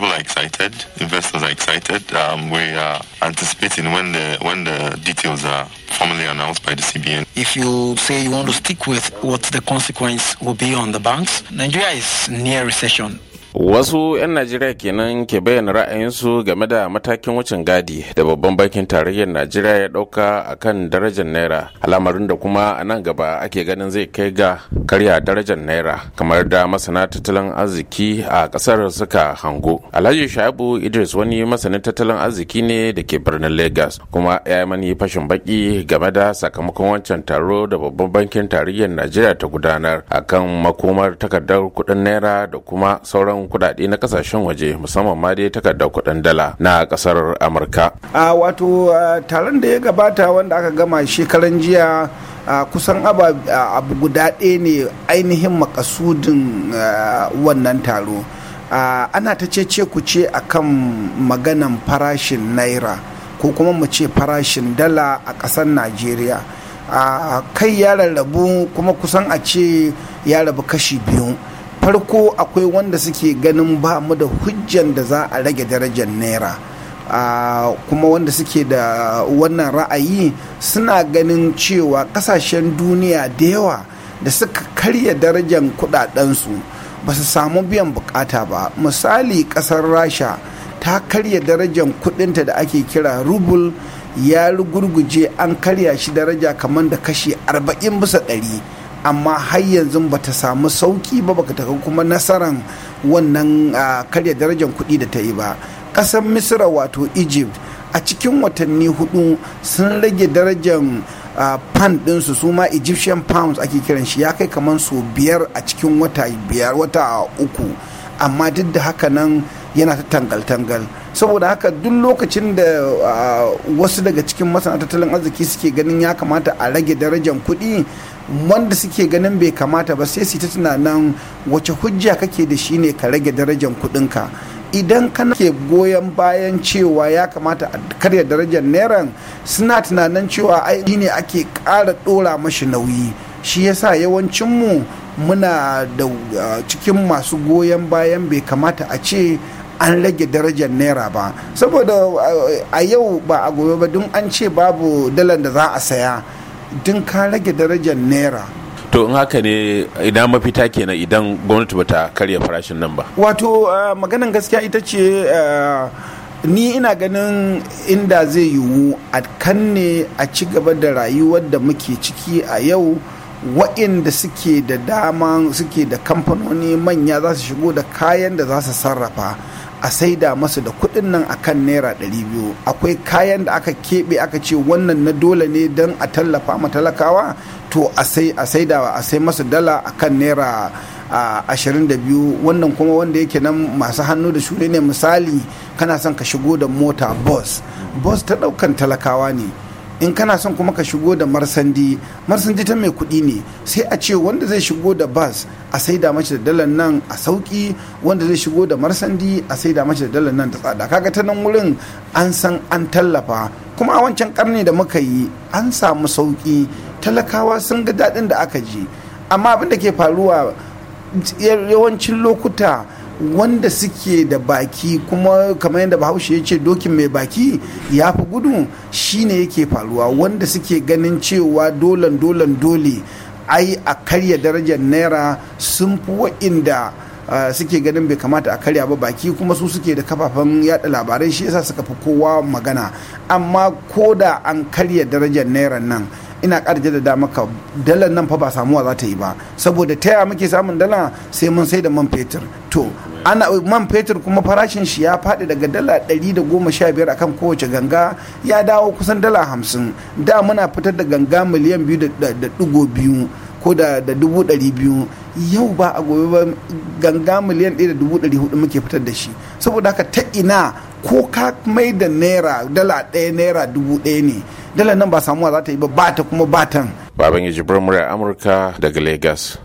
people are excited. Investors are excited. Um, we are anticipating when the when the details are formally announced by the CBN. If you say you want to stick with what the consequence will be on the banks, Nigeria is near recession. Wasu 'yan Najeriya kenan ke bayyana ra'ayinsu game da matakin wucin gadi da babban bankin tarayyar Najeriya ya ɗauka a kan darajar Naira. Al'amarin da kuma a nan gaba ake ganin zai kai ga karya darajar Naira kamar da masana tattalin arziki a ƙasar suka hango. Alhaji Shabu Idris wani masanin tattalin arziki ne da ke birnin Legas, kuma ya yi mani fashin baki game da sakamakon wancan taro da babban bankin tarayyar Najeriya ta gudanar akan makomar takardar kuɗin Naira da kuma sauran tsarin kuɗaɗe na kasashen waje musamman ma dai takardar kuɗin dala na ƙasar amurka a wato taron da ya gabata wanda aka gama shekaran jiya kusan abu guda ɗaya ne ainihin makasudin wannan taro ana ta "ce ku ce akan maganan farashin naira ko kuma mu ce farashin dala a ƙasar najeriya kai ya rarrabu kuma kusan a ce ya rabu kashi biyu farko akwai wanda suke ganin ba mu da hujjan da za a rage darajar naira ah, kuma wanda suke da wannan ra'ayi suna ganin cewa kasashen duniya da yawa da suka karya darajar kudadensu ba su samu biyan bukata ba misali kasar rasha ta karya darajar kudinta da ake kira rubul ya gurguje an karya shi daraja kamar da kashi 40 bisa ɗari. amma har yanzu ba ta samu sauki ba baka ta kuma nasaran wannan karya darajar kuɗi da ta yi ba ƙasar misira wato egypt a cikin watanni hudu sun rage darajar pound ɗinsu su ma egyptian pounds ake kiran shi ya kai kamar su biyar a cikin wata biyar wata uku amma duk da haka nan yana ta tangal-tangal saboda haka duk lokacin da wasu daga cikin masana tattalin arziki suke ganin ya kamata a rage darajar kuɗi wanda suke ganin bai kamata ba sai su ta tunanin wace hujja kake da shi ne ka rage darajar kuɗinka idan kana ke goyon bayan cewa ya kamata a karya darajar neran suna tunanin cewa ai ne ake ƙara ɗora mashi nauyi shi yasa yawancinmu muna da cikin masu goyon bayan bai kamata a ce an rage darajar naira ba saboda eh, a yau ba a gobe ba don an ce babu dalar da za a saya don ka rage darajar naira to in haka ne idan mafita kenan idan gwamnati bata karya farashin nan ba wato eh, maganan gaskiya ita ce eh, ni ina ganin inda zai yiwu a kan ne a ci gaba da rayuwar da muke ciki a yau wa'inda suke da dama suke da kamfanoni manya za su shigo da kayan da za su sarrafa a saida masu da kuɗin nan akan naira 200 akwai kayan da aka kebe aka ce wannan na dole ne don a tallafa ma talakawa to a saida a sai masu dala akan naira ashirin da biyu wannan kuma wanda yake nan masu hannu da shure ne misali kana son ka shigo da mota bus bus ta ɗaukan talakawa ne in kana son kuma ka shigo da marsandi marsandi ta mai kuɗi ne sai a ce wanda zai shigo da bas a saida mace da dalar nan a sauki wanda zai shigo da marsandi a saida mace da dalar nan ta tsada kaga ta nan wurin an san an tallafa kuma a wancan karni da muka yi an samu sauki talakawa sun ga daɗin da aka ji amma abin da ke faruwa yawancin lokuta wanda suke da baki kuma kamar yadda bahaushe ya ce dokin mai baki ya fi gudu shine yake faruwa wanda suke ganin cewa dolan dolan dole ai a karya darajar naira sun fi wa'inda Uh, suke ganin bai kamata a karya ba baki kuma su suke da kafafen yada labarai shi yasa suka fi kowa magana amma ko da an karya darajar naira nan ina ƙarje da maka dalar nan fa ba samuwa za ta yi ba saboda taya muke samun dala sai mun sai da man fetur to ana man fetur kuma farashin shi ya faɗi daga dala ɗari da sha biyar akan kowace ganga ya dawo kusan dala hamsin da muna fitar da ganga miliyan 2.2 ko da dubu ɗari biyu yau ba a gobe ba ganga miliyan ɗaya da dubu ɗari hudu muke fitar da shi saboda haka ta ina ko ka mai da naira dala ɗaya naira dubu ɗaya ne dala nan ba samuwa za ta yi ba ba ta kuma batan baban ya amurka daga lagos